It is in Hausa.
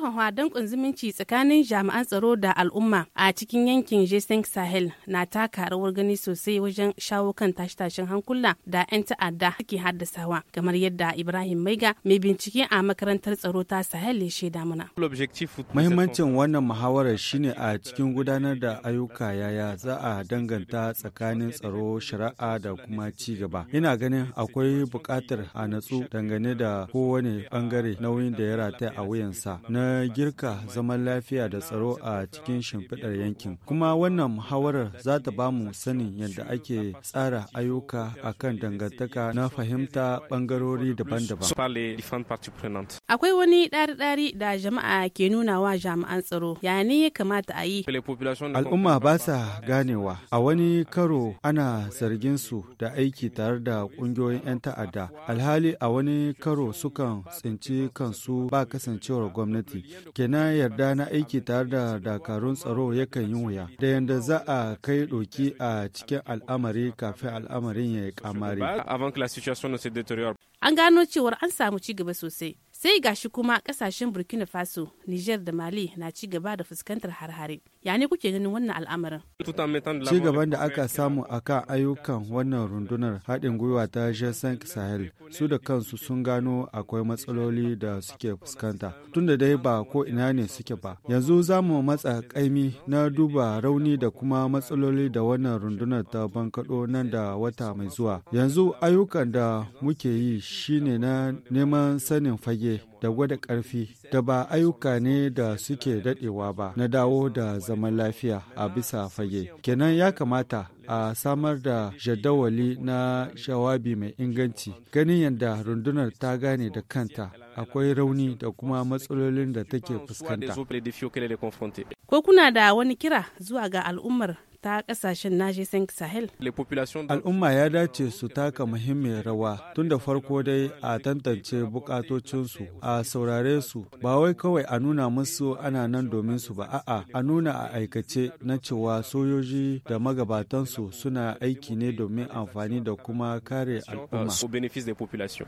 karfafa dankon zumunci tsakanin jami'an tsaro da al'umma a cikin yankin jason sahel na taka rawar gani sosai wajen shawo kan tashe-tashen hankula da 'yan ta'adda suke haddasawa kamar yadda ibrahim maiga mai bincike a makarantar tsaro ta sahel ya shaida mana mahimmancin wannan muhawarar shine a cikin gudanar da ayyuka yaya za a danganta tsakanin tsaro shari'a da kuma ci gaba ina ganin akwai buƙatar a natsu dangane da kowane bangare nauyin da ya rataya a wuyansa na girka zaman lafiya da tsaro a cikin shimfiɗar yankin. Kuma wannan muhawarar za ta ba mu sanin yadda ake tsara ayyuka a kan dangantaka na fahimta ɓangarori daban-daban. Akwai wani ɗari-ɗari da jama'a ke nuna wa jama'an tsaro, ya ne ya kamata a yi? Al'umma ba sa ganewa, a wani karo ana zargin su da aiki tare da ƙungiyoyin 'yan ta'adda, alhali a wani karo sukan tsinci kansu ba kasancewar gwamnati. ke kenan yarda na aiki tare da dakarun tsaro yakan yi wuya da yadda za a kai doki a cikin al'amari kafin al'amarin ya yi kamari an gano cewar an samu ci gaba sosai sai gashi kuma kasashen burkina faso niger da mali na ci gaba da fuskantar harhare ya ne kuke ganin wannan al'amarin ci gaban da aka samu a kan ayyukan wannan rundunar haɗin gwiwa ta jason sahel su da kansu sun gano akwai matsaloli da suke fuskanta tun da dai ba ko ina ne suke ba yanzu za mu matsa kaimi na duba rauni da kuma matsaloli da wannan rundunar ta bankaɗo nan da wata mai zuwa yanzu ayyukan da muke yi shine na neman sanin fage da gwada ƙarfi da ba ayyuka ne da suke daɗewa ba na dawo da zaman lafiya a bisa fage. Kenan ya kamata a samar da jadawali na shawabi mai inganci ganin yadda rundunar ta gane da kanta akwai rauni da kuma matsalolin da take fuskanta. Ko kuna da wani kira zuwa ga al'ummar ta kasashen naje sahel al'umma ya dace su taka muhimmiyar rawa tun da farko dai a tantance bukatocinsu a saurare su ba wai kawai a nuna musu ana nan domin su ba a'a a nuna a aikace na cewa sojoji da magabatansu suna aiki ne domin amfani da kuma kare al'umma